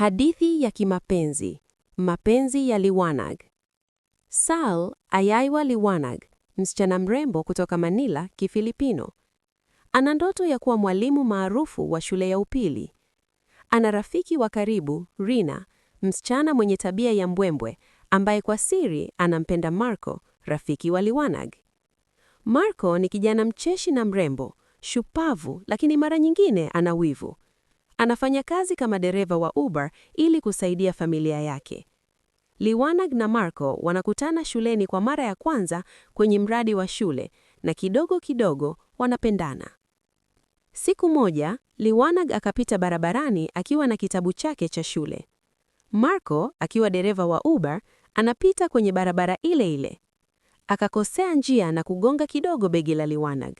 Hadithi ya kimapenzi, mapenzi ya Liwanag. Sal Ayaiwa Liwanag, msichana mrembo kutoka Manila, Kifilipino. Ana ndoto ya kuwa mwalimu maarufu wa shule ya upili. Ana rafiki wa karibu, Rina, msichana mwenye tabia ya mbwembwe, ambaye kwa siri anampenda Marco, rafiki wa Liwanag. Marco ni kijana mcheshi na mrembo, shupavu, lakini mara nyingine ana wivu. Anafanya kazi kama dereva wa Uber ili kusaidia familia yake. Liwanag na Marco wanakutana shuleni kwa mara ya kwanza kwenye mradi wa shule na kidogo kidogo wanapendana. Siku moja, Liwanag akapita barabarani akiwa na kitabu chake cha shule. Marco, akiwa dereva wa Uber, anapita kwenye barabara ile ile. Akakosea njia na kugonga kidogo begi la Liwanag.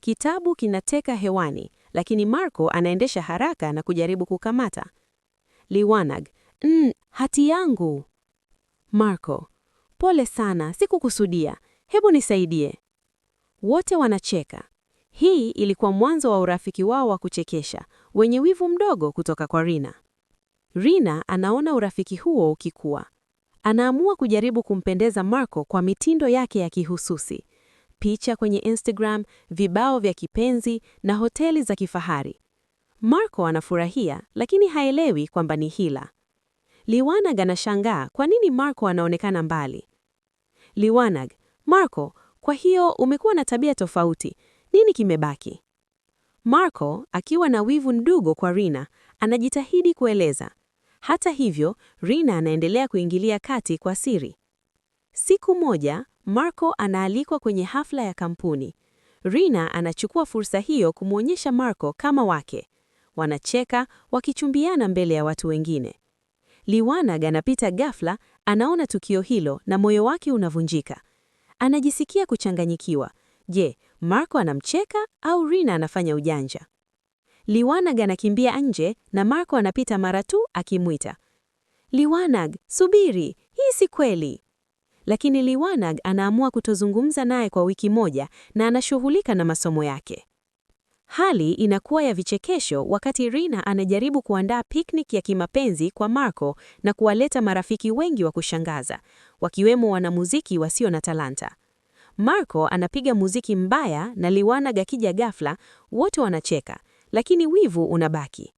Kitabu kinateka hewani lakini Marco anaendesha haraka na kujaribu kukamata. Liwanag: mm, hati yangu. Marco: pole sana, sikukusudia, hebu nisaidie. Wote wanacheka. Hii ilikuwa mwanzo wa urafiki wao wa kuchekesha wenye wivu mdogo kutoka kwa Rina. Rina anaona urafiki huo ukikua. Anaamua kujaribu kumpendeza Marco kwa mitindo yake ya kihususi picha kwenye Instagram, vibao vya kipenzi na hoteli za kifahari. Marco anafurahia lakini haelewi kwamba ni hila. Liwanag anashangaa kwa nini Marco anaonekana mbali. Liwanag: Marco, kwa hiyo umekuwa na tabia tofauti, nini kimebaki? Marco akiwa na wivu mdogo kwa Rina anajitahidi kueleza. Hata hivyo, Rina anaendelea kuingilia kati kwa siri. Siku moja Marco anaalikwa kwenye hafla ya kampuni. Rina anachukua fursa hiyo kumwonyesha Marco kama wake. Wanacheka wakichumbiana mbele ya watu wengine. Liwanag anapita ghafla, anaona tukio hilo na moyo wake unavunjika. Anajisikia kuchanganyikiwa. Je, Marco anamcheka au Rina anafanya ujanja? Liwanag anakimbia nje na Marco anapita mara tu akimwita. Liwanag, subiri, hii si kweli lakini Liwanag anaamua kutozungumza naye kwa wiki moja na anashughulika na masomo yake. Hali inakuwa ya vichekesho wakati Rina anajaribu kuandaa picnic ya kimapenzi kwa Marco na kuwaleta marafiki wengi wa kushangaza, wakiwemo wanamuziki wasio na talanta. Marco anapiga muziki mbaya na Liwanag akija ghafla, wote wanacheka, lakini wivu unabaki.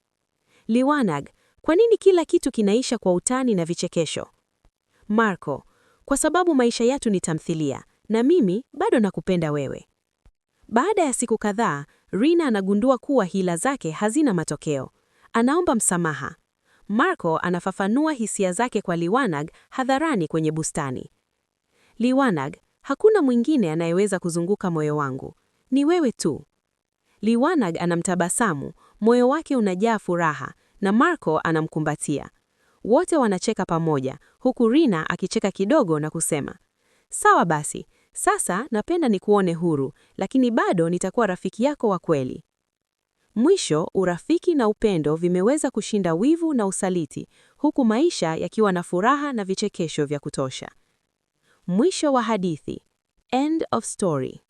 Liwanag, kwa nini kila kitu kinaisha kwa utani na vichekesho? Marco, kwa sababu maisha yetu ni tamthilia na mimi bado nakupenda wewe. Baada ya siku kadhaa, Rina anagundua kuwa hila zake hazina matokeo. Anaomba msamaha. Marco anafafanua hisia zake kwa Liwanag hadharani kwenye bustani. Liwanag, hakuna mwingine anayeweza kuzunguka moyo wangu, ni wewe tu. Liwanag anamtabasamu, moyo wake unajaa furaha na Marco anamkumbatia. Wote wanacheka pamoja, huku Rina akicheka kidogo na kusema, sawa basi, sasa napenda nikuone huru, lakini bado nitakuwa rafiki yako wa kweli. Mwisho, urafiki na upendo vimeweza kushinda wivu na usaliti, huku maisha yakiwa na furaha na vichekesho vya kutosha. Mwisho wa hadithi. End of story.